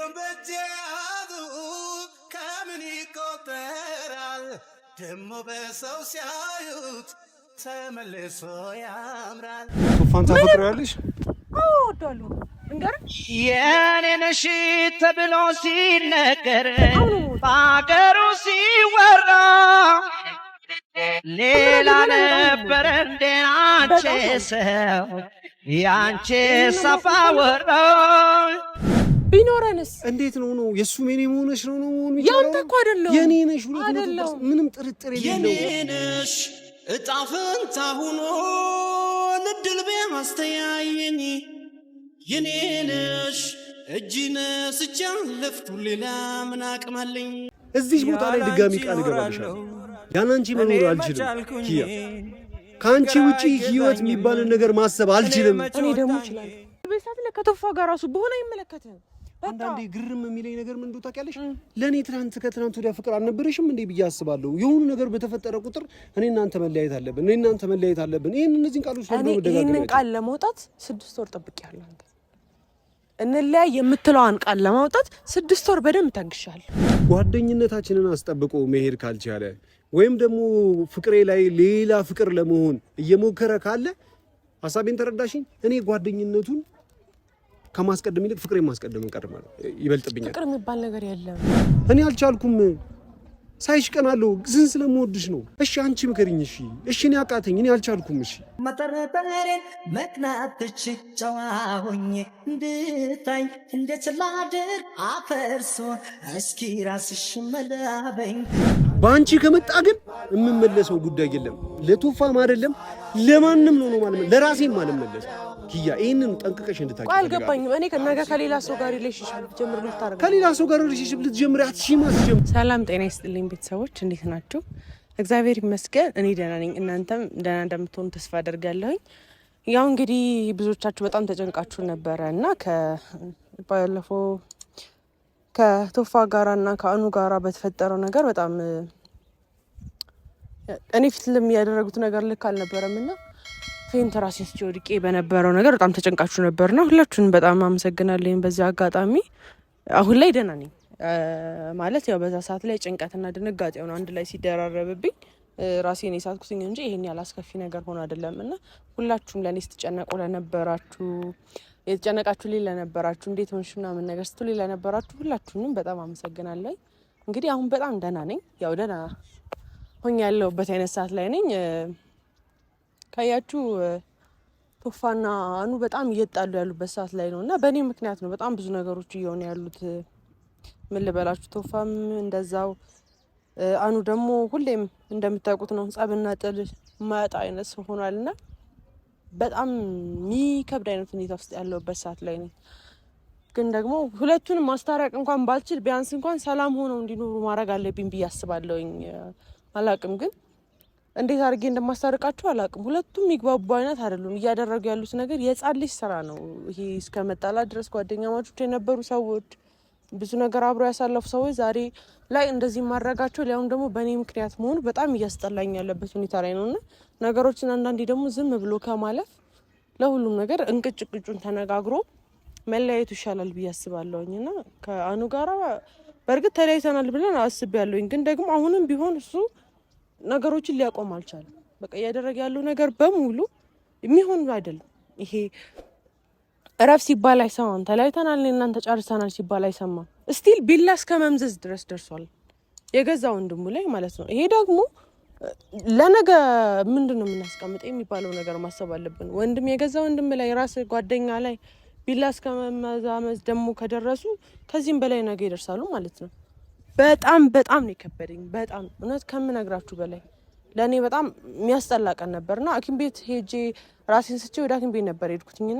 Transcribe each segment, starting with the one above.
ድሉን በእጄ ከምን ይቆጠራል ደሞ በሰው ሲያዩት ተመልሶ ያምራል። ቱፋን ታፈቅሪያለሽ? ወዷሉ እንገር የኔ ነሽ ተብሎ ሲነገር በአገሩ ሲወራ ሌላ ነበር እንዴናቼ ሰው ያንቼ ሰፋ ወራ ቢኖረንስ እንዴት ነው ነው? የሱ ምን መሆንሽ ነው ነው? ያንተ እኮ አይደለም የኔ ነሽ፣ ምንም ጥርጥር የሌለው የኔ ነሽ። እጣ ፈንታ ሁኖ እድል ቢያስተያየኝ የኔ ነሽ። እጅ ነስቼ ለፍቱ ሌላ ምን አቅማለኝ? እዚህ ቦታ ላይ ድጋሚ ቃል እገባልሻለሁ ያለ አንቺ መኖር አልችልም ኪያ። ከአንቺ ውጪ ህይወት የሚባልን ነገር ማሰብ አልችልም። እኔ ደግሞ እችላለሁ። በሳት ለከተፋ ጋር ራሱ በሆነ አይመለከትም አንዳንዴ ግርም የሚለኝ ነገር ምን እንደው ታውቂያለሽ፣ ለእኔ ትናንት ከትናንት ወዲያ ፍቅር አልነበረሽም እንዴ ብዬ አስባለሁ። የሆኑ ነገር በተፈጠረ ቁጥር እኔ እናንተ መለያየት አለብን፣ እኔ እናንተ መለያየት አለብን። ይህን እነዚህን ቃሎች ይህንን ቃል ለማውጣት ስድስት ወር ጠብቄያለሁ። እንለያ የምትለዋን ቃል ለማውጣት ስድስት ወር በደንብ ታግሻለሁ። ጓደኝነታችንን አስጠብቆ መሄድ ካልቻለ ወይም ደግሞ ፍቅሬ ላይ ሌላ ፍቅር ለመሆን እየሞከረ ካለ ሀሳቤን ተረዳሽኝ? እኔ ጓደኝነቱን ከማስቀደም ይልቅ ፍቅሬን ማስቀደም ቀድማል ይበልጥብኛል። ፍቅር የሚባል ነገር የለም። እኔ አልቻልኩም። ሳይሽ ቀናለሁ ግን ስለምወድሽ ነው። እሺ አንቺ ምከሪኝ። እሺ እሺ እኔ አቃተኝ። እኔ አልቻልኩም። እሺ መጠርጠሬን መቅናትች ጨዋሆኜ እንድታኝ እንዴት ላድር አፈርሶ እስኪ ራስሽ መላበኝ። በአንቺ ከመጣ ግን የምመለሰው ጉዳይ የለም። ለቶፋም አይደለም ለማንም ነው ነው ለራሴም አልመለስም ኪያ ይህንን ጠንቅቀሽ እንድታውቂ አልገባኝም። እኔ ከነገ ከሌላ ሰው ጋር ሪሌሽንሽፕ ልትጀምር ልታደርግ ከሌላ ሰው ጋር ሪሌሽንሽፕ ልትጀምር አትሽማ። ሰላም ጤና ይስጥልኝ ቤተሰቦች፣ እንዴት ናችሁ? እግዚአብሔር ይመስገን እኔ ደህና ነኝ። እናንተም ደህና እንደምትሆኑ ተስፋ አደርጋለሁኝ። ያው እንግዲህ ብዙዎቻችሁ በጣም ተጨንቃችሁ ነበረ እና ባለፈው ከቶፋ ጋራ እና ከአኑ ጋራ በተፈጠረው ነገር በጣም እኔ ፊት ለሚያደረጉት ነገር ልክ አልነበረም እና ይህን ተራሴ ስቼ ወድቄ በነበረው ነገር በጣም ተጨንቃችሁ ነበርና ሁላችሁንም በጣም አመሰግናለኝ። በዚህ አጋጣሚ አሁን ላይ ደህና ነኝ ማለት ያው በዛ ሰዓት ላይ ጭንቀትና ድንጋጤ ሆነ አንድ ላይ ሲደራረብብኝ ራሴን የሳትኩትኝ እንጂ ይህን ያህል አስከፊ ነገር ሆኖ አይደለም። እና ሁላችሁም ለእኔ ስትጨነቁ ለነበራችሁ የተጨነቃችሁ ሌ ለነበራችሁ እንዴት ሆንሽ ምናምን ነገር ስትሉ ለነበራችሁ ሁላችሁንም በጣም አመሰግናለኝ። እንግዲህ አሁን በጣም ደህና ነኝ። ያው ደህና ሆኜ ያለሁበት አይነት ሰዓት ላይ ነኝ። ካያችሁ ቶፋና አኑ በጣም እየጣሉ ያሉበት ሰዓት ላይ ነው እና በእኔ ምክንያት ነው በጣም ብዙ ነገሮች እየሆኑ ያሉት። ምን ልበላችሁ፣ ቶፋም እንደዛው አኑ ደግሞ ሁሌም እንደምታውቁት ነው ጸብና ጥል ማያጣ አይነት ሰው ሆኗል እና በጣም የሚከብድ አይነት ሁኔታ ውስጥ ያለውበት ሰዓት ላይ ነው። ግን ደግሞ ሁለቱንም ማስታረቅ እንኳን ባልችል ቢያንስ እንኳን ሰላም ሆነው እንዲኖሩ ማድረግ አለብኝ ብዬ አስባለሁኝ። አላቅም ግን እንዴት አድርጌ እንደማስታርቃቸው አላውቅም። ሁለቱም የሚግባቡ አይነት አይደሉም። እያደረጉ ያሉት ነገር የህፃን ልጅ ስራ ነው። ይሄ እስከ መጣላት ድረስ ጓደኛ ማቾች የነበሩ ሰዎች፣ ብዙ ነገር አብረው ያሳለፉ ሰዎች ዛሬ ላይ እንደዚህ ማድረጋቸው ሊያውም ደግሞ በእኔ ምክንያት መሆኑ በጣም እያስጠላኝ ያለበት ሁኔታ ላይ ነው እና ነገሮችን አንዳንዴ ደግሞ ዝም ብሎ ከማለፍ ለሁሉም ነገር እንቅጭቅጩን ተነጋግሮ መለያየቱ ይሻላል ብዬ አስባለሁኝ እና ከአኑ ጋራ በእርግጥ ተለያይተናል ብለን አስቤያለሁኝ ግን ደግሞ አሁንም ቢሆን እሱ ነገሮችን ሊያቆም አልቻለም። በቃ እያደረገ ያለው ነገር በሙሉ የሚሆን አይደለም። ይሄ እረፍ ሲባል አይሰማም። ተለያይተናል እናንተ ጨርሰናል ሲባል አይሰማም። እስቲል ቢላ እስከ መምዘዝ ድረስ ደርሷል፣ የገዛ ወንድሙ ላይ ማለት ነው። ይሄ ደግሞ ለነገ ምንድን ነው የምናስቀምጠ የሚባለው ነገር ማሰብ አለብን። ወንድም የገዛ ወንድም ላይ ራስ ጓደኛ ላይ ቢላ እስከ መመዛመዝ ደግሞ ከደረሱ ከዚህም በላይ ነገ ይደርሳሉ ማለት ነው። በጣም በጣም ነው የከበደኝ። በጣም እውነት ከምነግራችሁ በላይ ለእኔ በጣም የሚያስጠላ ቀን ነበርና ሐኪም ቤት ሄጄ ራሴን ስቼ ወደ ሐኪም ቤት ነበር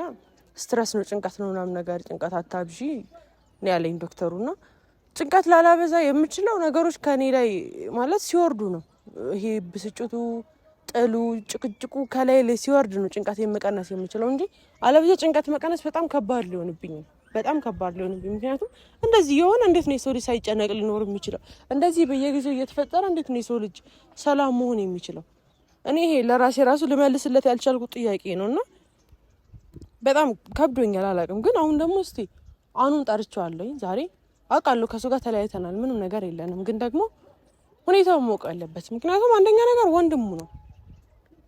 ና ስትረስ ነው ጭንቀት ነው ምናምን ነገር ጭንቀት አታብዢ ነው ያለኝ ዶክተሩና ጭንቀት ላላበዛ የምችለው ነገሮች ከኔ ላይ ማለት ሲወርዱ ነው። ይሄ ብስጭቱ፣ ጥሉ፣ ጭቅጭቁ ከላይ ላይ ሲወርድ ነው ጭንቀት መቀነስ የምችለው እንጂ አለበዛ ጭንቀት መቀነስ በጣም ከባድ ሊሆንብኝ ነው። በጣም ከባድ ሊሆን ምክንያቱም እንደዚህ የሆነ እንዴት ነው የሰው ልጅ ሳይጨነቅ ሊኖር የሚችለው? እንደዚህ በየጊዜው እየተፈጠረ እንዴት ነው የሰው ልጅ ሰላም መሆን የሚችለው? እኔ ይሄ ለራሴ ራሱ ልመልስለት ያልቻልኩት ጥያቄ ነው እና በጣም ከብዶኛል። አላውቅም ግን አሁን ደግሞ እስቲ አኑን ጠርቼዋለሁኝ ዛሬ አውቃለሁ ከእሱ ጋር ተለያይተናል፣ ምንም ነገር የለንም። ግን ደግሞ ሁኔታው ማወቅ አለበት። ምክንያቱም አንደኛ ነገር ወንድሙ ነው።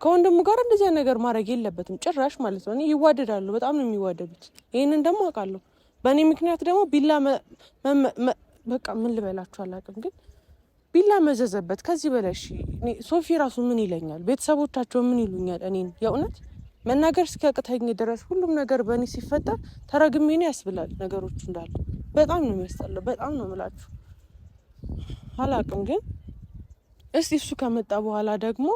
ከወንድሙ ጋር እንደዚያ ነገር ማድረግ የለበትም ጭራሽ ማለት ነው። ይዋደዳሉ፣ በጣም ነው የሚዋደዱት። ይህንን ደግሞ አውቃለሁ። በእኔ ምክንያት ደግሞ ቢላ በቃ ምን ልበላችሁ አላውቅም፣ ግን ቢላ መዘዘበት ከዚህ በላይ ሶፊ ራሱ ምን ይለኛል? ቤተሰቦቻቸው ምን ይሉኛል? እኔን የእውነት መናገር እስኪያቅተኝ ድረስ ሁሉም ነገር በእኔ ሲፈጠር ተረግሜ ነው ያስብላል። ነገሮች እንዳለ በጣም ነው የሚያስጠላው። በጣም ነው የምላችሁ አላውቅም ግን እስቲ እሱ ከመጣ በኋላ ደግሞ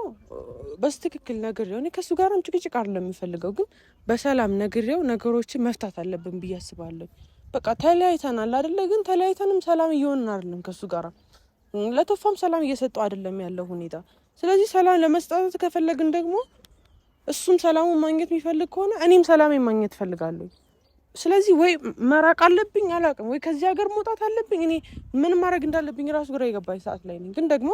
በስትክክል ነግሬው እኔ ከእሱ ጋርም ጭቅጭቅ አይደለም የምፈልገው፣ ግን በሰላም ነግሬው ነገሮችን መፍታት አለብን ብዬ አስባለሁ። በቃ ተለያይተናል አደለ? ግን ተለያይተንም ሰላም እየሆንን አይደለም ከእሱ ጋር ለቶፋም ሰላም እየሰጠው አይደለም ያለው ሁኔታ። ስለዚህ ሰላም ለመስጠት ከፈለግን ደግሞ እሱም ሰላሙን ማግኘት የሚፈልግ ከሆነ እኔም ሰላሜ ማግኘት እፈልጋለሁ። ስለዚህ ወይ መራቅ አለብኝ አላውቅም፣ ወይ ከዚህ ሀገር መውጣት አለብኝ። እኔ ምን ማድረግ እንዳለብኝ ራሱ ግራ የገባኝ ሰዓት ላይ ነኝ ግን ደግሞ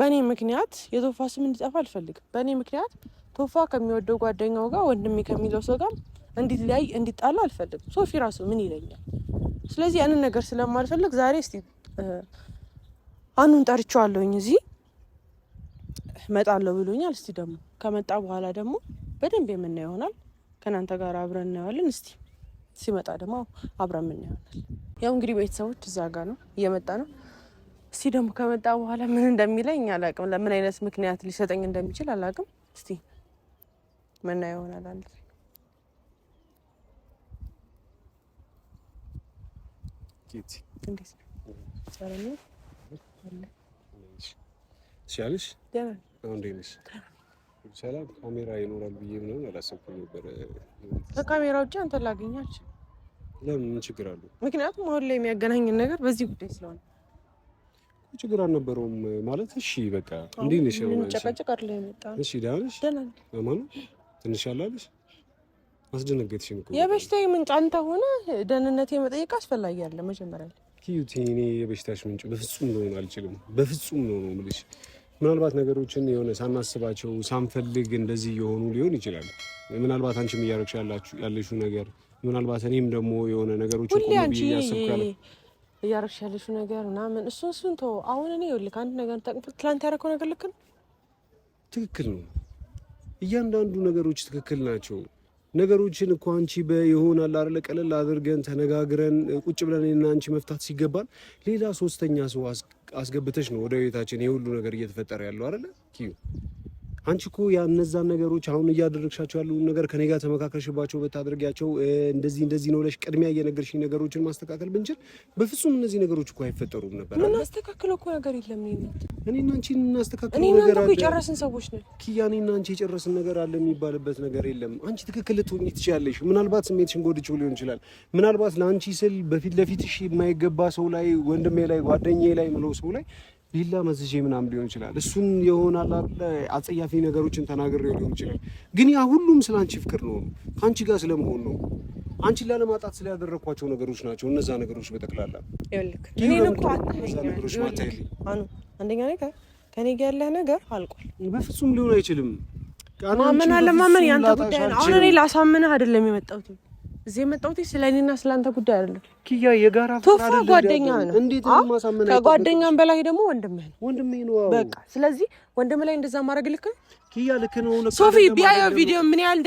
በእኔ ምክንያት የቶፋ ስም እንዲጠፋ አልፈልግም። በእኔ ምክንያት ቶፋ ከሚወደው ጓደኛው ጋር ወንድሜ ከሚለው ሰው ጋር እንዲለያይ እንዲጣላ አልፈልግም። ሶፊ ራሱ ምን ይለኛል? ስለዚህ ያንን ነገር ስለማልፈልግ ዛሬ እስቲ አኑን ጠርቼዋለሁኝ እዚህ እመጣለሁ ብሎኛል። እስቲ ደግሞ ከመጣ በኋላ ደግሞ በደንብ የምናየው ይሆናል። ከእናንተ ጋር አብረን እናየዋለን። እስቲ ሲመጣ ደግሞ አብረን የምናየው ይሆናል። ያው እንግዲህ ቤተሰቦች እዛ ጋር ነው እየመጣ ነው እስቲ ደግሞ ከመጣ በኋላ ምን እንደሚለኝ አላቅም። ለምን አይነት ምክንያት ሊሰጠኝ እንደሚችል አላቅም። እስቲ ምና ይሆናል አንድ ሲያልሽ ሰላም ካሜራ ይኖራል ብዬ ምንሆን አላሰብኩም ነበር። ከካሜራ ውጭ አንተ ላገኛች ለምን ችግር አለ? ምክንያቱም አሁን ላይ የሚያገናኝን ነገር በዚህ ጉዳይ ስለሆነ ችግር አልነበረውም ማለት እሺ፣ በቃ እንዴ ነሽ? እሺ ትንሽ ያላለሽ አስደነገጥሽኝ እኮ የበሽታዬ ምንጭ አንተ ሆነ ደህንነቴ መጠየቅ አስፈላጊ ያለ መጀመሪያ ኪዩቲ፣ እኔ የበሽታሽ ምንጭ በፍጹም ልሆን አልችልም። በፍጹም ነው ነው የምልሽ። ምናልባት ነገሮችን የሆነ ሳናስባቸው ሳንፈልግ እንደዚህ የሆኑ ሊሆን ይችላል። ምናልባት አንቺም እያደረግሽ ያለሽው ነገር ምናልባት እኔም ደግሞ የሆነ ነገሮችን ቆም ብዬ እያረግሽ ያለሽው ነገር ምናምን እሱ እሱን ተወው። አሁን እኔ ይኸውልህ አንድ ነገር ትላንት ያደረከው ነገር ልክ ነው፣ ትክክል ነው። እያንዳንዱ ነገሮች ትክክል ናቸው። ነገሮችን እኮ አንቺ በይሆናል አይደለ ቀለል አድርገን ተነጋግረን ቁጭ ብለን እና አንቺ መፍታት ሲገባል ሌላ ሶስተኛ ሰው አስገብተሽ ነው ወደ ቤታችን የሁሉ ነገር እየተፈጠረ ያለው አይደለ ኪዩ አንቺ እኮ እነዛን ነገሮች አሁን እያደረግሻቸው ያሉ ነገር ከኔ ጋር ተመካከርሽባቸው በታደርጊያቸው እንደዚህ እንደዚህ ነው ብለሽ ቅድሚያ እየነገርሽኝ ነገሮችን ማስተካከል ብንችል በፍጹም እነዚህ ነገሮች እኮ አይፈጠሩም ነበር። ምን አስተካክለው እኮ ነገር የለም። እኔና አንቺ እናስተካክለው ነገር አለ። የጨረስን ሰዎች ነን። ኪያ እኔና አንቺ የጨረስን ነገር አለ የሚባልበት ነገር የለም። አንቺ ትክክል ልትሆኚ ትችያለሽ። ምናልባት ስሜትሽን ጎድቼው ሊሆን ይችላል። ምናልባት ለአንቺ ስል በፊት ለፊትሽ የማይገባ ሰው ላይ፣ ወንድሜ ላይ፣ ጓደኛዬ ላይ ምለው ሰው ላይ ሌላ መዝዤ ምናምን ሊሆን ይችላል። እሱን የሆናል አለ አጸያፊ ነገሮችን ተናግሬው ሊሆን ይችላል። ግን ያ ሁሉም ስለ አንቺ ፍቅር ነው፣ ከአንቺ ጋር ስለመሆን ነው፣ አንቺን ላለማጣት ስለያደረግኳቸው ነገሮች ናቸው። እነዛ ነገሮች በጠቅላላ ነገሮች አንደኛ ነገር ከኔ ጋር ያለህ ነገር አልቋል። በፍጹም ሊሆን አይችልም። ማመን አለማመን ያንተ ጉዳይ ነው። አሁን እኔ ላሳምንህ አይደለም የመጣሁት እዚህ የመጣሁት ስለ እኔና ስለአንተ ጉዳይ አይደለም። ኪያ የጋራ ቶፋ ጓደኛ ነው። እንዴት ማሳመን ከጓደኛም በላይ ደግሞ ወንድምህ ነው። ወንድምህ ነው። በቃ ስለዚህ ወንድምህ ላይ እንደዛ ማድረግ ልክ ነው። ኪያ ልክ ነው። ሶፊ ቢያየው ቪዲዮ ምን ያህል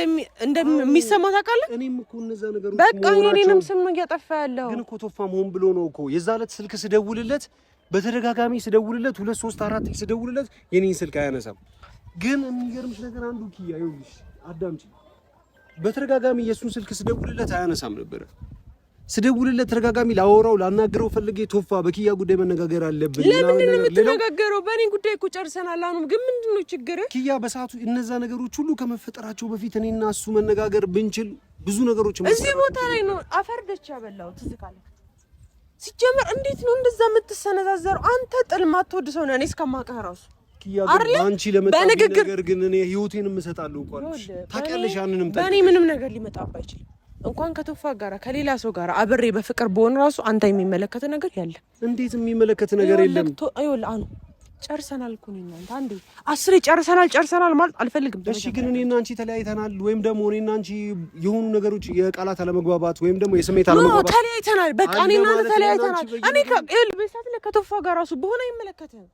እንደሚሰማው ታውቃለህ? እኔም እኮ እነዛ ነገሮች በቃ እኔንም ስም እያጠፋ ያለው ግን እኮ ቶፋ መሆን ብሎ ነው እኮ የዛ ዕለት ስልክ ስደውልለት፣ በተደጋጋሚ ስደውልለት፣ ሁለት ሶስት አራት ስደውልለት የኔን ስልክ አያነሳም። ግን የሚገርምሽ ነገር አንዱ ኪያ ይኸውልሽ፣ አዳምጪ በተደጋጋሚ የእሱን ስልክ ስደውልለት አያነሳም ነበረ። ስደውልለት ተደጋጋሚ ላወራው ላናገረው ፈልጌ ቶፋ በኪያ ጉዳይ መነጋገር አለብን። ለምንድን ነው የምትነጋገረው? በእኔ ጉዳይ እኮ ጨርሰናል። አሁኑ ግን ምንድን ነው ችግር? ኪያ በሰዓቱ እነዛ ነገሮች ሁሉ ከመፈጠራቸው በፊት እኔና እሱ መነጋገር ብንችል ብዙ ነገሮች እዚህ ቦታ ላይ ነው አፈርደች ያበላው ትዝካለ ሲጀመር እንዴት ነው እንደዛ የምትሰነዛዘረው? አንተ ጥል ማትወድ ሰው ነህ እኔ እስከማውቅህ እራሱ በንግግር ግን እኔ ህይወቴን እምሰጣለሁ እኮ ታውቂያለሽ። ያንንም በእኔ ምንም ነገር ሊመጣብ አይችልም። እንኳን ከቶፋ ጋር ከሌላ ሰው ጋር አብሬ በፍቅር በሆን ራሱ አንተ የሚመለከት ነገር ያለ እንዴት የሚመለከት ነገር የለም። ይኸውልህ አኑ ጨርሰናል እኮ እኔ እና አንዴ አስሬ ጨርሰናል ጨርሰናል ማለት አልፈልግም። እሺ ግን እኔ እና አንቺ ተለያይተናል ወይም ደግሞ እኔ እና አንቺ የሆኑ ነገሮች የቃላት አለመግባባት ወይም ደግሞ የስሜት አለመግባባት ተለያይተናል። በቃ እኔ እና አንተ ተለያይተናል። እኔ ከቶፋ ጋር ራሱ በሆነ አይመለከትህም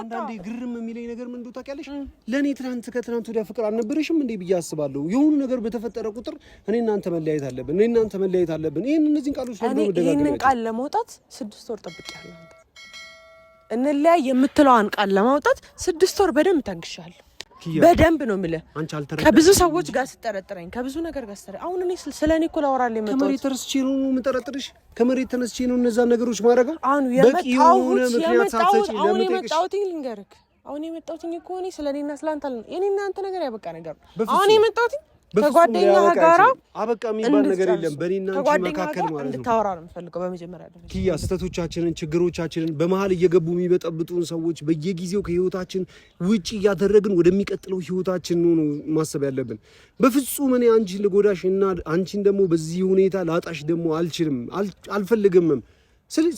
አንዳንዴ ግርም የሚለኝ ነገር ምን እንደው ታውቂያለሽ፣ ለእኔ ትናንት ከትናንት ወዲያ ፍቅር አልነበረሽም እንዴ ብዬ አስባለሁ። የሆኑ ነገር በተፈጠረ ቁጥር እኔ እናንተ መለያየት አለብን፣ እኔ እናንተ መለያየት አለብን። ይህን እነዚህን ቃሎች ይህንን ቃል ለመውጣት ስድስት ወር ጠብቄያለሁ። እንለያይ የምትለዋን ቃል ለማውጣት ስድስት ወር በደንብ ታግሻለሁ። በደንብ ነው የምልህ። ከብዙ ሰዎች ጋር ስጠረጥረኝ ከብዙ ነገር ጋር ስጠረ አሁን እኔ ስለ እኔ እኮ ላወራለሁ የመጣሁት ከመሬት ተነስቼ ነው የምጠረጥርሽ። ከመሬት ተነስቼ ነው እነዛ ነገሮች ማድረግ አሁን የመጣሁት አሁን የመጣሁት ልንገርህ፣ አሁን የመጣሁት እኮ እኔ ስለ እኔና ስለ አንተ እኔና አንተ ነገር ያበቃ ነገር ነው አሁን የመጣሁት ከጓደኛ ጋራ አበቃ የሚባል ነገር የለም። በእኔና መካከል ማለት ነው እንድታወራ ነው የምፈልገው። በመጀመሪያ ደረጃ ኪያ ስህተቶቻችንን፣ ችግሮቻችንን በመሀል እየገቡ የሚበጠብጡን ሰዎች በየጊዜው ከህይወታችን ውጭ እያደረግን ወደሚቀጥለው ህይወታችን ነው ማሰብ ያለብን። በፍጹም እኔ አንቺን ልጎዳሽ እና አንቺን ደግሞ በዚህ ሁኔታ ላጣሽ ደግሞ አልችልም፣ አልፈልግምም።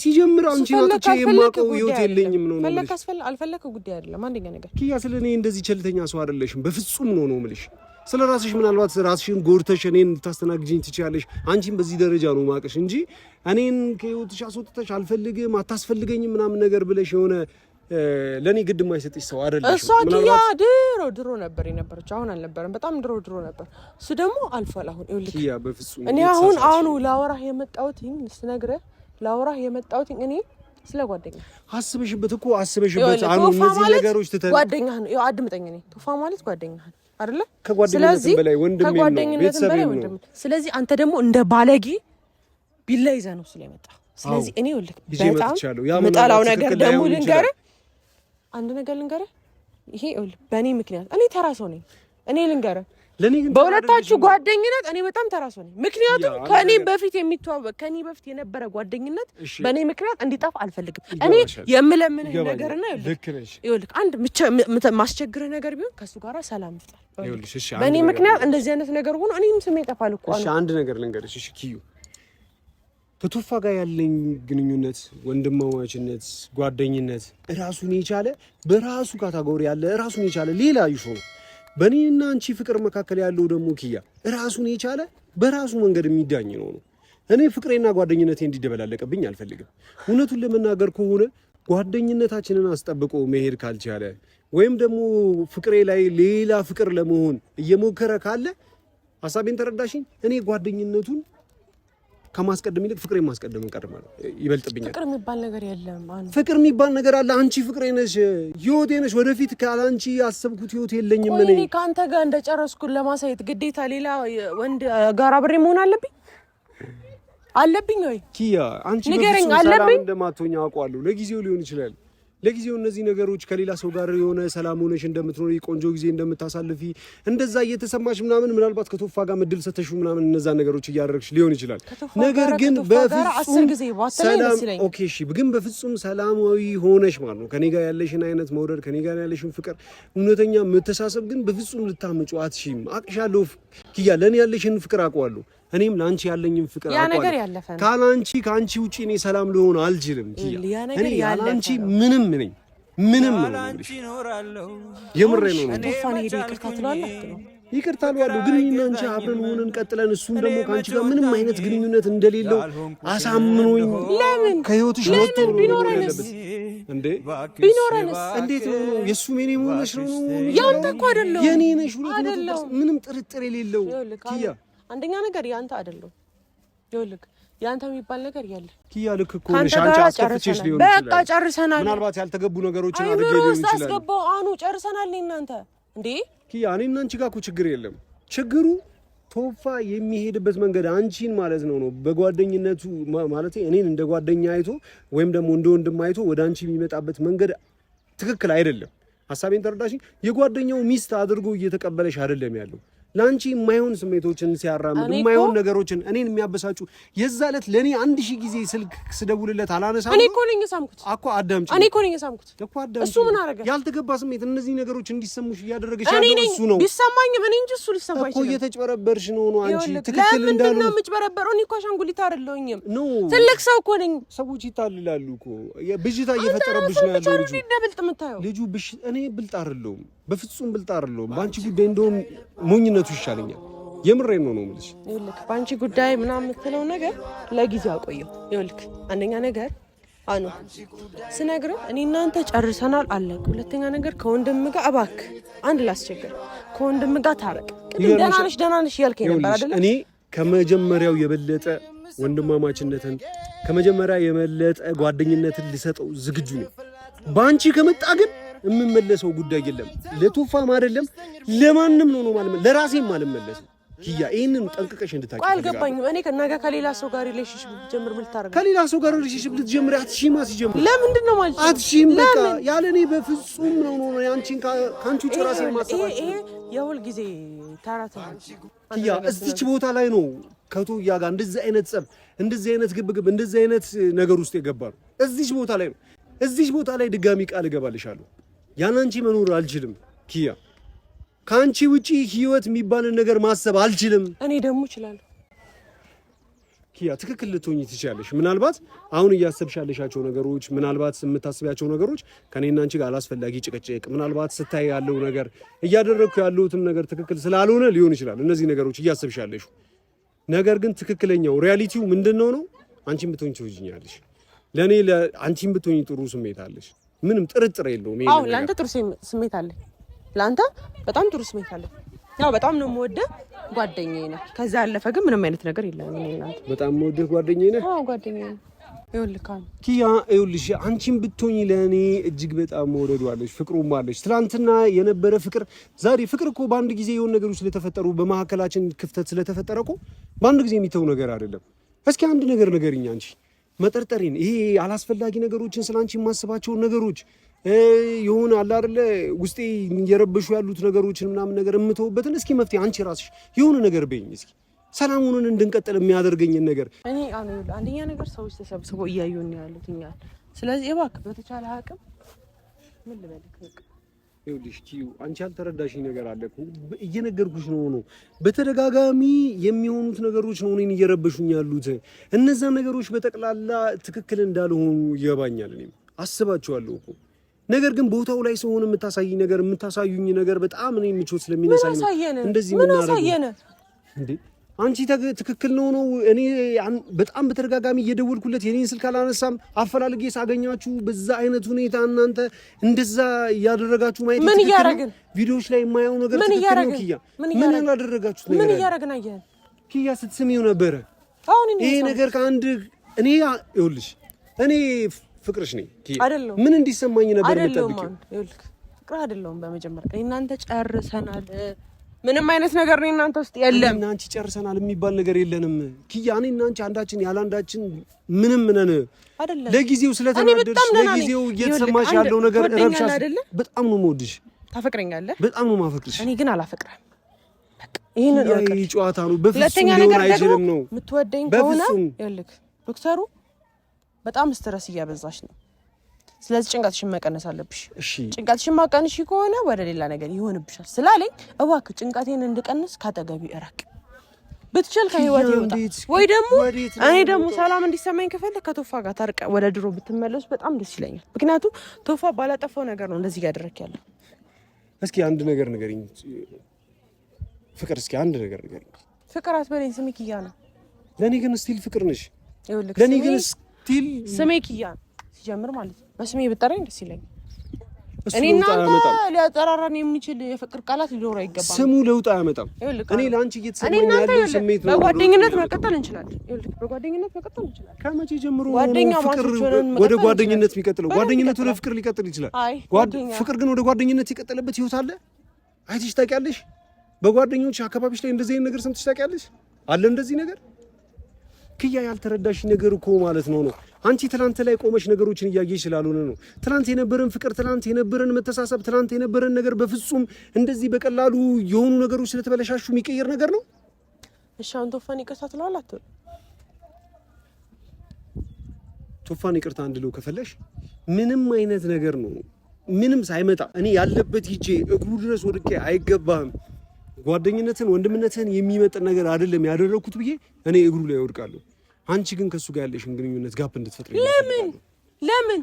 ሲጀምር አንቺ ናቶቼ የማውቀው ህይወት የለኝም ነው ነው። አልፈለክ ጉዳይ አይደለም። አንደኛ ነገር ኪያ ስለ እኔ እንደዚህ ቸልተኛ ሰው አይደለሽም። በፍጹም ነው ነው ምልሽ ስለ ራስሽ ምናልባት ራስሽን ጎድተሽ እኔን ልታስተናግጅኝ ትችያለሽ። አንቺን በዚህ ደረጃ ነው ማቅሽ እንጂ እኔን ከህይወትሽ አስወጥተሽ አልፈልግም አታስፈልገኝም ምናምን ነገር ብለሽ የሆነ ለእኔ ግድ የማይሰጥሽ ሰው አይደለሽ። እሷ ኪያ ድሮ ድሮ ነበር የነበረችው፣ አሁን አልነበረም። በጣም ድሮ ድሮ ነበር። እሱ ደግሞ አልፏል። አሁን ይኸውልህ ኪያ፣ በፍጹም እኔ አሁን አሁኑ ላወራህ የመጣሁት ስነግረህ ላወራህ የመጣሁት እኔ ስለ ጓደኛ አስበሽበት እኮ አስበሽበት። አሁን እነዚህ ነገሮች ትተን ጓደኛህ ነው። አድምጠኝ። እኔ ቶፋ ማለት ጓደኛህ ነው አይደለ? ከጓደኝነትም በላይ ወንድሜ ነው፣ ቤተሰቤ ስለዚህ አንተ ደግሞ እንደ ባለጌ ቢላ ይዘህ ነው ስለመጣ። ስለዚህ እኔ ወልክ በጣም የምጠላው ነገር ደግሞ ልንገርህ፣ አንድ ነገር ልንገርህ። ይሄ በእኔ ምክንያት እኔ ተራ ሰው ነኝ። እኔ ልንገርህ በሁለታችሁ ጓደኝነት እኔ በጣም ተራሶ ነኝ። ምክንያቱም ከእኔ በፊት የሚተዋወቅ ከእኔ በፊት የነበረ ጓደኝነት በእኔ ምክንያት እንዲጠፋ አልፈልግም። እኔ የምለምንህ ነገርና ይኸውልህ አንድ ማስቸግርህ ነገር ቢሆን ከእሱ ጋር ሰላም ይፍጣል። በእኔ ምክንያት እንደዚህ አይነት ነገር ሆኖ እኔም ስሜ ይጠፋል እኮ። አንድ ነገር ልንገርሽ እሺ ኪዩ ከቶፋ ጋር ያለኝ ግንኙነት ወንድማማችነት፣ ጓደኝነት ራሱን የቻለ በራሱ ካታጎሪ ያለ ራሱን የቻለ ሌላ ይሾ ነው በእኔና አንቺ ፍቅር መካከል ያለው ደግሞ ኪያ ራሱን የቻለ በራሱ መንገድ የሚዳኝ ነው ነው። እኔ ፍቅሬና ጓደኝነቴ እንዲደበላለቀብኝ አልፈልግም። እውነቱን ለመናገር ከሆነ ጓደኝነታችንን አስጠብቆ መሄድ ካልቻለ ወይም ደግሞ ፍቅሬ ላይ ሌላ ፍቅር ለመሆን እየሞከረ ካለ ሀሳቤን ተረዳሽኝ? እኔ ጓደኝነቱን ከማስቀደም ይልቅ ፍቅሬን ማስቀደም ቀድማ ይበልጥብኛል። ፍቅር የሚባል ነገር የለም። ፍቅር የሚባል ነገር አለ። አንቺ ፍቅሬ ነሽ፣ ህይወቴ ነሽ። ወደፊት ካላንቺ ያሰብኩት ህይወት የለኝም። እኔ ከአንተ ጋር እንደጨረስኩን ለማሳየት ግዴታ ሌላ ወንድ ጋር አብሬ መሆን አለብኝ አለብኝ ወይ ኪያ? አንቺ ንገረኝ። አለብኝ እንደማትሆኝ አውቃለሁ። ለጊዜው ሊሆን ይችላል ለጊዜው እነዚህ ነገሮች ከሌላ ሰው ጋር የሆነ ሰላም ሆነሽ እንደምትኖሪ ቆንጆ ጊዜ እንደምታሳልፊ እንደዛ እየተሰማሽ ምናምን ምናልባት ከቶፋ ጋር ምድል ሰተሹ ምናምን እነዛ ነገሮች እያደረግሽ ሊሆን ይችላል። ነገር ግን በፍጹም ኦኬ፣ እሺ፣ ግን በፍጹም ሰላማዊ ሆነሽ ማለት ነው ከኔ ጋር ያለሽን አይነት መውደድ ከኔ ጋር ያለሽን ፍቅር፣ እውነተኛ መተሳሰብ ግን በፍጹም ልታምጪው አትሽም። አቅሻለሁ ክያ ለእኔ ያለሽን ፍቅር አውቀዋለሁ እኔም ለአንቺ ያለኝም ፍቅር ያ ነገር ያለፈ ካላንቺ ካንቺ ውጪ እኔ ሰላም ልሆን አልችልም። እኔ ያላንቺ ምንም ነኝ ምንም ነው። የምሬ ነው። ቶፋን ሄዶ ይቅርታ ትላለህ ይቅርታ አልዋለሁ ግን እኔና አንቺ አብረን ሆነን ቀጥለን እሱም ደግሞ ከአንቺ ጋር ምንም አይነት ግንኙነት እንደሌለው አሳምኖኝ ለምን ከህይወትሽ ወጥቶ ነው ቢኖረንስ እንዴ ቢኖረንስ እንዴት ነው የእሱም የኔ መሆነሽ ነው ያንተ እኮ አይደለም የኔ ነሽ ምንም ጥርጥር የሌለው ያ አንደኛ ነገር ያንተ አይደለም። ይኸውልህ ያንተ የሚባል ነገር ያለ ኪያ ልክ እኮ ነሽ። አንቺ ሊሆን ይችላል። በቃ ጨርሰናል። ምናልባት ያልተገቡ ነገሮችን አድርጌ ሊሆን ይችላል። አይ አስገባው። አኑ ጨርሰናል። እናንተ እንዴ ኪያ፣ እኔ እና አንቺ ጋር እኮ ችግር የለም። ችግሩ ቶፋ የሚሄድበት መንገድ አንቺን ማለት ነው ነው በጓደኝነቱ ማለት እኔን እንደ ጓደኛ አይቶ ወይም ደግሞ እንደ ወንድም አይቶ ወደ አንቺ የሚመጣበት መንገድ ትክክል አይደለም። ሀሳቤን ተረዳሽኝ? የጓደኛው ሚስት አድርጎ እየተቀበለሽ አይደለም ያለው ለአንቺ የማይሆን ስሜቶችን ሲያራምድ የማይሆን ነገሮችን እኔን የሚያበሳጩ የዛ ዕለት ለእኔ አንድ ሺህ ጊዜ ስልክ ስደውልለት አላነሳም። እኔ እኮ ነኝ የሳምኩት እኮ አዳምጪ። እኔ እኮ ነኝ የሳምኩት እኮ አዳምጪ። እሱ ምን አደረገ? ያልተገባ ስሜት እነዚህ ነገሮች እንዲሰሙሽ እያደረገሽ ያለው እሱ ነው። ቢሰማኝም እኔ እንጂ እሱ ሊሰማ እኮ። እየተጭበረበርሽ ነው ነው አንቺ ትክክል የምጭበረበረው? እኔ እኮ አሻንጉሊት አይደለሁኝም። ትልቅ ሰው እኮ ነኝ። ሰዎች ይታልላሉ እኮ። ብዥታ እየፈጠረብሽ ነው ያለው ልጁ። እኔ ብልጥ አይደለሁም በፍጹም ብልጥ አይደለሁም። በአንቺ ጉዳይ እንደውም ሞኝነቱ ይሻለኛል። የምሬን ነው ነው የምልሽ። ይኸውልህ በአንቺ ጉዳይ ምናምን የምትለው ነገር ለጊዜው አቆየው። ይኸውልህ አንደኛ ነገር አኑ ስነግርህ እኔ እናንተ ጨርሰናል አለቅ። ሁለተኛ ነገር ከወንድም ጋር እባክህ አንድ ላስቸግር፣ ከወንድም ጋር ታረቅ። ቅድም ደህና ነሽ ደህና ነሽ እያልከኝ ነበር አይደለ? እኔ ከመጀመሪያው የበለጠ ወንድማማችነትን ከመጀመሪያ የበለጠ ጓደኝነትን ልሰጠው ዝግጁ ነው። በአንቺ ከመጣ ግን የምመለሰው ጉዳይ የለም። ለቶፋም አይደለም ለማንም ነው ነው ማለት ለራሴም አልመለስም። ኪያ ይህንን ጠንቅቀሽ እንድታቂ አልገባኝም። እኔ ነገ ከሌላ ሰው ጋር ሪሌሽንሽፕ ልትጀምር ምን ታደርግ? ከሌላ ሰው ጋር ሪሌሽንሽፕ ልትጀምር አትሺማ። ሲጀምር ለምንድን ነው ማለት አትሺም። በቃ ያለ እኔ በፍጹም ነው ነው ያንቺን ከአንቺ ውጭ ራሴን ማሰባቸው ይሄ የሁል ጊዜ ታራት ኪያ እዚች ቦታ ላይ ነው ከቶያ ጋር እንደዚህ አይነት ጸብ፣ እንደዚህ አይነት ግብግብ፣ እንደዚህ አይነት ነገር ውስጥ የገባ ነው። እዚች ቦታ ላይ ነው። እዚች ቦታ ላይ ድጋሚ ቃል እገባልሻለሁ ያላንቺ መኖር አልችልም ኪያ። ከአንቺ ውጪ ህይወት የሚባልን ነገር ማሰብ አልችልም። እኔ ደግሞ እችላለሁ ኪያ። ትክክል ልትሆኚ ትችላለሽ። ምናልባት አሁን እያሰብሻለሻቸው ነገሮች፣ ምናልባት የምታስቢያቸው ነገሮች ከእኔና አንቺ ጋር አላስፈላጊ ጭቅጭቅ፣ ምናልባት ስታይ ያለው ነገር እያደረግኩ ያለሁትም ነገር ትክክል ስላልሆነ ሊሆን ይችላል እነዚህ ነገሮች እያሰብሻለሹ። ነገር ግን ትክክለኛው ሪያሊቲው ምንድን ነው ነው አንቺም ብትሆኝ ትወጂኛለሽ። ለእኔ አንቺም ብትሆኝ ጥሩ ስሜት አለሽ ምንም ጥርጥር የለውም። አዎ ለአንተ ጥሩ ስሜት አለ፣ ለአንተ በጣም ጥሩ ስሜት አለ። ያው በጣም ነው የምወደህ ጓደኛዬ ነህ። ከዛ ያለፈ ግን ምንም አይነት ነገር የለም። በጣም የምወደህ ጓደኛዬ ነህ። አዎ ጓደኛዬ ነህ። ይኸውልካል ኪያ፣ ይኸውልሽ አንቺን ብትሆኝ ለእኔ እጅግ በጣም መውደዱ አለሽ፣ ፍቅሩም አለሽ። ትናንትና የነበረ ፍቅር ዛሬ ፍቅር እኮ በአንድ ጊዜ የሆኑ ነገሮች ስለተፈጠሩ በመካከላችን ክፍተት ስለተፈጠረ እኮ በአንድ ጊዜ የሚተው ነገር አይደለም። እስኪ አንድ ነገር ንገሪኝ አንቺ መጠርጠሪን ይሄ አላስፈላጊ ነገሮችን ስላንቺ የማስባቸውን ነገሮች የሆነ አለ አይደለ ውስጤ እየረበሹ ያሉት ነገሮችን ምናምን ነገር የምተውበትን እስኪ መፍትሄ አንቺ ራስሽ የሆነ ነገር በይኝ እስኪ ሰላሙንን እንድንቀጥል የሚያደርገኝን ነገር እኔ አንደኛ ነገር ሰዎች ተሰብስበው እያዩን ያሉት እኛ ስለዚህ እባክህ በተቻለ አቅም ምን ልበልህ ይኸውልሽ ኪዩ አንቺ ያልተረዳሽኝ ነገር አለ እኮ እየነገርኩሽ ነው። ነው በተደጋጋሚ የሚሆኑት ነገሮች ነው እኔን እየረበሹኝ ያሉት። እነዛ ነገሮች በጠቅላላ ትክክል እንዳልሆኑ ይገባኛል። እኔም አስባቸዋለሁ እኮ ነገር ግን ቦታው ላይ ሰሆን የምታሳይ ነገር የምታሳዩኝ ነገር በጣም እኔ ምቾት ስለሚነሳኝ እንደዚህ ምን አሳየነ እንዴ አንቺ ትክክል ነው ነው እኔ በጣም በተደጋጋሚ እየደወልኩለት የኔን ስልክ አላነሳም። አፈላልጌ ሳገኛችሁ በዛ አይነት ሁኔታ እናንተ እንደዛ እያደረጋችሁ ማየት ምን እያረግን ቪዲዮዎች ላይ የማየው ነገር ምን ነው? ኪያ ምን ያላደረጋችሁት ምን እያረግን አየህ ኪያ ስትስሚው ነበረ። አሁን ይሄ ነገር ከአንድ እኔ ይኸውልሽ እኔ ፍቅርሽ ነኝ ኪያ ምን እንዲሰማኝ ነበር የምጠብቂው? ይኸውልህ ፍቅር አይደለሁም። በመጀመሪያ እናንተ ጨርሰናል ምንም አይነት ነገር ነው እናንተ ውስጥ የለም። እኔና አንቺ ጨርሰናል የሚባል ነገር የለንም። ኪያ እኔና እናንቺ አንዳችን ያለ አንዳችን ምንም ነን። ለጊዜው ስለተናደድሽ፣ ለጊዜው እየተሰማሽ ያለው ነገር ረብሻ። በጣም ነው የምወድሽ። ታፈቅረኛለህ? በጣም ነው የማፈቅርሽ። እኔ ግን አላፈቅርም። ይሄንን ጨዋታ ነው። በፍጹም ሊሆን አይችልም ነው የምትወደኝ ከሆነ ይኸውልህ ዶክተሩ በጣም ስትረስ እያበዛሽ ነው ስለዚህ ጭንቀትሽን መቀነስ አለብሽ። እሺ ጭንቀትሽን ማቀንሽ ከሆነ ወደ ሌላ ነገር ይሆንብሻል ስላለኝ እባክህ ጭንቀቴን እንድቀንስ ካጠገቢ እራቅ። ብትችል ከህይወት ይወጣ ወይ ደግሞ እኔ ደግሞ ሰላም እንዲሰማኝ ከፈለግ ከቶፋ ጋር ታርቀ ወደ ድሮ ብትመለሱ በጣም ደስ ይለኛል። ምክንያቱም ቶፋ ባላጠፋው ነገር ነው እንደዚህ እያደረክ ያለው። እስኪ አንድ ነገር ንገሪኝ ፍቅር፣ እስኪ አንድ ነገር ንገሪኝ ፍቅር። አትበለኝ ስሜ ኪያ ነው። ለእኔ ግን ስቲል ፍቅር ነሽ። ለእኔ ግን ስቲል ስሜ ኪያ ነው። ሲጀምር ማለት ነው። በስሜ ብጠራኝ ደስ ይለኛል። እኔ እናንተ ሊያጠራራን የሚችል የፍቅር ቃላት ሊኖር አይገባም። ስሙ ለውጥ አያመጣም። እኔ ለአንቺ እየተሰማኝ ያለው ስሜት ነው። በጓደኝነት መቀጠል እንችላለን። በጓደኝነት መቀጠል እንችላለን። ከመቼ ጀምሮ ፍቅር ወደ ጓደኝነት የሚቀጥለው? ጓደኝነት ወደ ፍቅር ሊቀጥል ይችላል። ፍቅር ግን ወደ ጓደኝነት የቀጠለበት ህይወት አለ። አይተሽ ታውቂያለሽ? በጓደኞች አካባቢሽ ላይ እንደዚህ አይነት ነገር ሰምተሽ ታውቂያለሽ? አለ እንደዚህ ነገር ክያ ያልተረዳሽ ነገር እኮ ማለት ነው ነው አንቺ ትላንት ላይ ቆመሽ ነገሮችን እያየሽ ስላልሆነ ነው። ትላንት የነበረን ፍቅር፣ ትላንት የነበረን መተሳሰብ፣ ትላንት የነበረን ነገር በፍጹም እንደዚህ በቀላሉ የሆኑ ነገሮች ስለተበለሻሹ የሚቀየር ነገር ነው። እሺ አሁን ቶፋን ይቅርታ ትለዋል ቶፋን ይቅርታ እንድለው ከፈለሽ ምንም አይነት ነገር ነው ምንም ሳይመጣ እኔ ያለበት ሂጄ እግሩ ድረስ ወድቄ አይገባም ጓደኝነትን ወንድምነትን የሚመጥን ነገር አይደለም ያደረኩት ብዬ እኔ እግሩ ላይ ወድቃለሁ። አንቺ ግን ከእሱ ጋር ያለሽን ግንኙነት ጋፕ እንድትፈጥሪ ለምን ለምን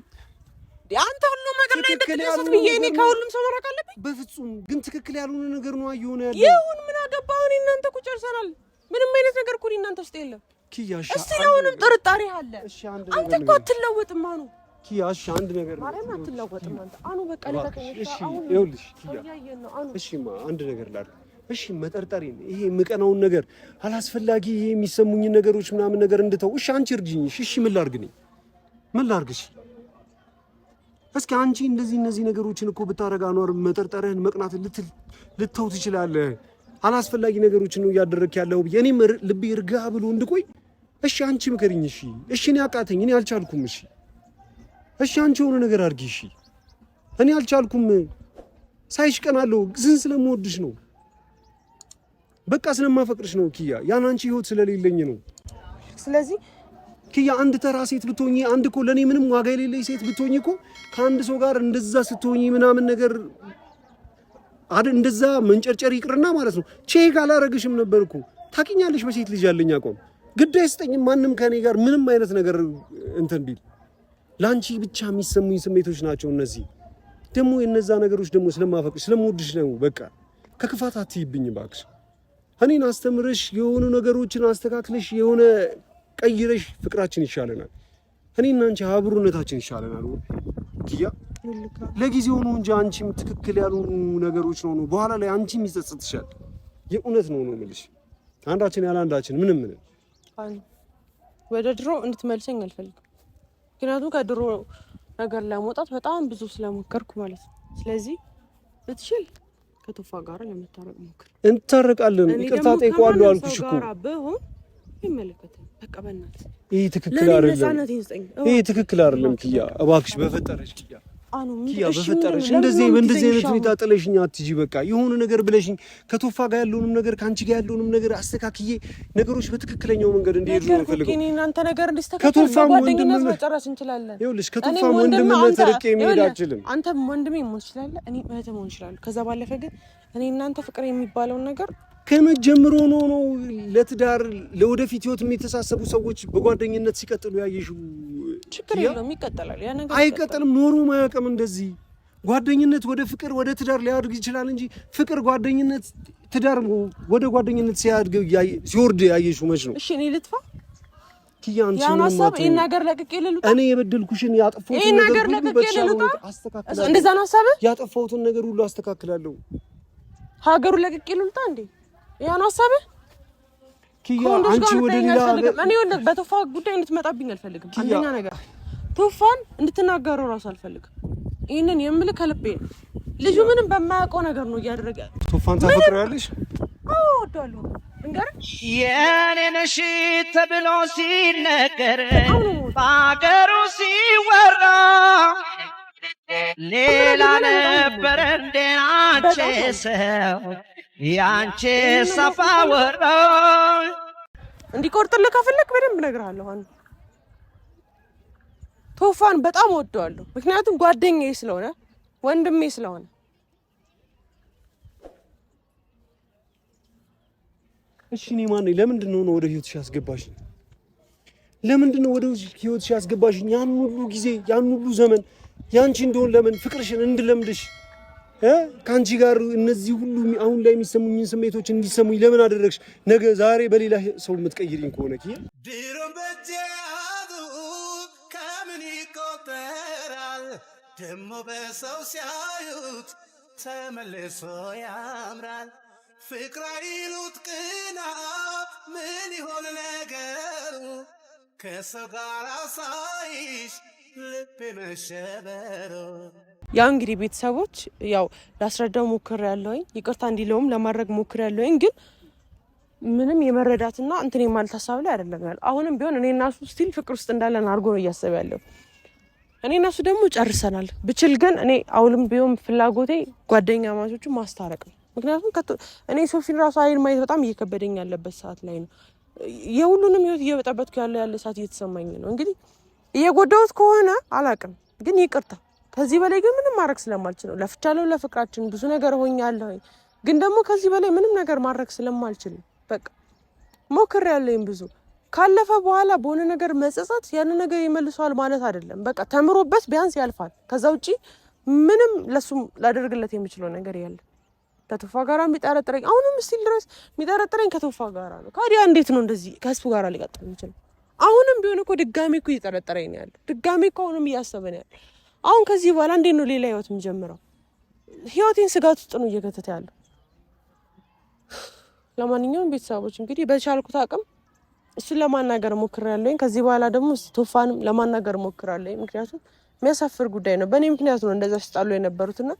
አንተ ሁሉም ነገር ላይ እንደተደሰት ብዬ እኔ ከሁሉም ሰው መራቅ አለብኝ? በፍጹም ግን ትክክል ያልሆነ ነገር ነው የሆነ ያለ። ይሁን ምን አገባህ? እኔ እናንተ እኮ ጨርሰናል። ምንም አይነት ነገር እኮ እናንተ ውስጥ የለም። ኪያ እሺ፣ እስቲ አሁንም ጥርጣሬ አለ። አንተ እኮ አትለወጥም። አኑ ኪያ አንድ ነገር ማረም አትለወጥም አንተ አኑ በቃ ለተቀየሽ አሁን ይኸውልሽ ኪያ እሺ፣ አንድ ነገር ላድርግ እሺ መጠርጠሪ ይሄ የምቀናውን ነገር አላስፈላጊ ይሄ የሚሰሙኝን ነገሮች ምናምን ነገር እንድተው። እሺ አንቺ እርጅኝ። እሺ ምን ላርግ ነኝ? ምን እሺ እስኪ አንቺ እንደዚህ እነዚህ ነገሮችን እኮ ብታረጋ ኖር መጠርጠርህን መቅናት ልተው ትችላለህ። አላስፈላጊ ነገሮችን ነው እያደረክ ያለው ብዬ ልቤ እርጋ ብሎ እንድቆይ። እሺ አንቺ ምከሪኝ። እሺ እሺ እኔ አቃተኝ። እኔ አልቻልኩም። እሺ እሺ አንቺ የሆነ ነገር አድርጊ። እሺ እኔ አልቻልኩም። ሳይሽ ቀናለሁ፣ ግን ስለምወድሽ ነው በቃ ስለማፈቅርሽ ነው ኪያ። ያን አንቺ ህይወት ስለሌለኝ ነው። ስለዚህ ኪያ አንድ ተራ ሴት ብትሆኚ፣ አንድ እኮ ለእኔ ምንም ዋጋ የሌለኝ ሴት ብትሆኚ እኮ ከአንድ ሰው ጋር እንደዛ ስትሆኚ ምናምን ነገር አድ እንደዛ መንጨርጨር ይቅርና ማለት ነው ቼክ አላረግሽም ነበር እኮ ታውቂኛለሽ። በሴት ልጅ ያለኝ አቋም ግድ አይሰጠኝም። ማንም ከኔ ጋር ምንም አይነት ነገር እንትን ቢል ለአንቺ ብቻ የሚሰሙኝ ስሜቶች ናቸው እነዚህ። ደግሞ የነዛ ነገሮች ደግሞ ስለማፈቅ ስለምወድሽ ነው። በቃ ከክፋት አትይብኝ እባክሽ። እኔን አስተምረሽ የሆኑ ነገሮችን አስተካክለሽ የሆነ ቀይረሽ ፍቅራችን ይሻለናል። እኔና አንቺ አብሮነታችን ይሻለናል። ያ ለጊዜው ነው እንጂ አንቺም ትክክል ያሉ ነገሮች ነው ነው በኋላ ላይ አንቺም ይጸጽትሻል። የእውነት ነው ነው የምልሽ አንዳችን ያለ አንዳችን ምንም ምንም ወደ ድሮ እንድትመልሰኝ አልፈልግም። ምክንያቱም ከድሮ ነገር ለመውጣት በጣም ብዙ ስለሞከርኩ ማለት ነው። ስለዚህ ብትችል ከቶፋ ጋር ለመታረቅ ሞክር። እንታረቃለን። ይቅርታ ጠይቀዋለሁ አልኩሽ እኮ ይህ ትክክል አይደለም። ይህ ትክክል አይደለም። ክያ እባክሽ በፈጠረች ክያ ኪያ በፈጠረሽ እንደዚህ እንደዚህ አይነት ሁኔታ ጥለሽኝ አትጂ። በቃ የሆነ ነገር ብለሽኝ ከቶፋ ጋር ያለውንም ነገር ከአንቺ ጋር ያለውንም ነገር አስተካክዬ ነገሮች በትክክለኛው መንገድ እንዲሄዱ ነው የምፈልገው። ከቶፋም ወንድምነት ርቄ መሄድ አልችልም። አንተም ወንድሜ መሆን ትችላለህ፣ እኔ እህትህ መሆን እችላለሁ። ከዛ ባለፈ ግን እኔ እናንተ ፍቅር የሚባለውን ነገር ከመጀመሩ ነው ነው ለትዳር ለወደፊት ህይወት የሚተሳሰቡ ሰዎች በጓደኝነት ሲቀጥሉ ያየሽው ችግር የለውም ይቀጥላል። ያ ነገር አይቀጥልም። ኖሮ ማያውቅም እንደዚህ ጓደኝነት ወደ ፍቅር ወደ ትዳር ሊያድግ ይችላል እንጂ ፍቅር ጓደኝነት ትዳር ወደ ጓደኝነት ሲያድግ ሲወርድ ያየሽው መች ነው? እሺ እኔ ልጥፋ ኪያን ይሄን ነገር ለቅቄ ልልጣ። እኔ የበደልኩሽን ያጠፋሁትን ይሄን ነገር ለቅቄ ልልጣ። እንደዛ ነው ሀሳብ። ያጠፋሁትን ነገር ሁሉ አስተካክላለሁ። ሀገሩ ለቅቄ ልልጣ እንዴ? ያ ነው ሀሳብ። ኪያ አንቺ ወደ እኔ ወንድ በቶፋ ጉዳይ እንድትመጣብኝ አልፈልግም። አንደኛ ነገር ቶፋን እንድትናገረው እራሱ አልፈልግም። ይህንን የምልህ ከልቤ ነው። ልጁ ምንም በማያውቀው ነገር ነው እያደረገ። ቶፋን ታፈቅሪያለሽ? አዎ እወዳለሁ። እንገር የኔ ነሽ ተብሎ ሲነገር በአገሩ ሲወራ ሌላ ነበር እንዴናቸ ሰው ያንቺ ሰፋ ወራ እንዲቆርጥልህ ከፈለክ በደንብ እነግርሃለሁ። አን ቶፋን በጣም ወደዋለሁ፣ ምክንያቱም ጓደኛዬ ስለሆነ ወንድሜ ስለሆነ እሺ እኔ ማነኝ? ለምንድን ነው ወደ ህይወትሽ ያስገባሽኝ? ለምንድን ነው ወደ ህይወትሽ ያስገባሽኝ? ያን ሁሉ ጊዜ ያን ሁሉ ዘመን ያንቺ እንደሆን ለምን ፍቅርሽን እንድለምድሽ ከአንቺ ጋር እነዚህ ሁሉ አሁን ላይ የሚሰሙኝን ስሜቶች እንዲሰሙኝ ለምን አደረግሽ? ነገ ዛሬ በሌላ ሰው የምትቀይሪኝ ከሆነ ኪያ ድሮም በእጄ ከምን ይቆጠራል ደግሞ በሰው ሲያዩት ተመልሶ ያምራል። ፍቅር አይሉት ቅናት ምን ይሆን ነገሩ? ከሰው ጋር ሳይሽ ልቤ መሸበሩ ያ እንግዲህ ቤተሰቦች ያው ላስረዳው ሞክር ያለውኝ ይቅርታ እንዲለውም ለማድረግ ሞክር ያለውኝ ግን ምንም የመረዳትና እንትን የማለት ሀሳብ ላይ አይደለም ያለ። አሁንም ቢሆን እኔ እናሱ ስቲል ፍቅር ውስጥ እንዳለን አድርጎ ነው እያሰብ ያለው። እኔ እናሱ ደግሞ ጨርሰናል። ብችል ግን እኔ አሁንም ቢሆን ፍላጎቴ ጓደኛ ማቾቹ ማስታረቅ ነው። ምክንያቱም እኔ ሶፊን ራሱ አይን ማየት በጣም እየከበደኝ ያለበት ሰዓት ላይ ነው። የሁሉንም ህይወት እየበጠበትኩ ያለ ያለ ሰዓት እየተሰማኝ ነው። እንግዲህ እየጎዳሁት ከሆነ አላቅም፣ ግን ይቅርታ ከዚህ በላይ ግን ምንም ማድረግ ስለማልችል ነው። ለፍቻለሁ፣ ለፍቅራችን ብዙ ነገር ሆኛለሁ። ግን ደግሞ ከዚህ በላይ ምንም ነገር ማድረግ ስለማልችል በቃ ሞክሬያለሁኝ ብዙ ካለፈ በኋላ በሆነ ነገር መጸጸት ያን ነገር ይመልሰዋል ማለት አይደለም። በቃ ተምሮበት ቢያንስ ያልፋል። ከዛ ውጪ ምንም ለሱም ላደርግለት የምችለው ነገር ያለ ከቶፋ ጋራ የሚጠረጥረኝ አሁንም ስቲል ድረስ የሚጠረጥረኝ ከቶፋ ጋራ ነው። ካዲያ እንዴት ነው እንደዚህ ከህዝቡ ጋራ ሊቀጥል የሚችለው? አሁንም ቢሆን እኮ ድጋሚ እኮ እየጠረጠረኝ ነው ያለው። ድጋሚ እኮ አሁንም እያሰበ ነው ያለው። አሁን ከዚህ በኋላ እንዴት ነው ሌላ ህይወት የምጀምረው? ህይወቴን ስጋት ውስጥ ነው እየከተተ ያለ። ለማንኛውም ቤተሰቦች እንግዲህ በቻልኩት አቅም እሱን ለማናገር ሞክሬያለሁኝ። ከዚህ በኋላ ደግሞ ቶፋንም ለማናገር ሞክራለሁ። ምክንያቱም የሚያሳፍር ጉዳይ ነው። በእኔ ምክንያት ነው እንደዛ ሲጣሉ የነበሩትና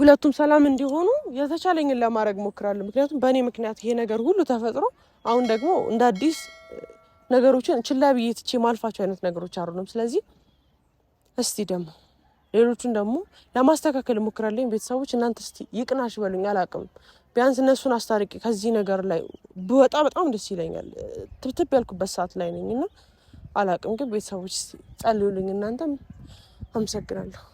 ሁለቱም ሰላም እንዲሆኑ የተቻለኝን ለማድረግ ሞክራለሁ። ምክንያቱም በእኔ ምክንያት ይሄ ነገር ሁሉ ተፈጥሮ አሁን ደግሞ እንደ አዲስ ነገሮችን ችላ ብዬ ትቼ ማልፋቸው አይነት ነገሮች አሉንም። ስለዚህ እስቲ ደግሞ ሌሎቹን ደግሞ ለማስተካከል እሞክራለሁ። ቤተሰቦች እናንተ እስቲ ይቅናሽ በሉኝ። አላቅም ቢያንስ እነሱን አስታርቂ ከዚህ ነገር ላይ ብወጣ በጣም ደስ ይለኛል። ትብትብ ያልኩበት ሰዓት ላይ ነኝ እና አላቅም፣ ግን ቤተሰቦች ጸልዩልኝ። እናንተም አመሰግናለሁ።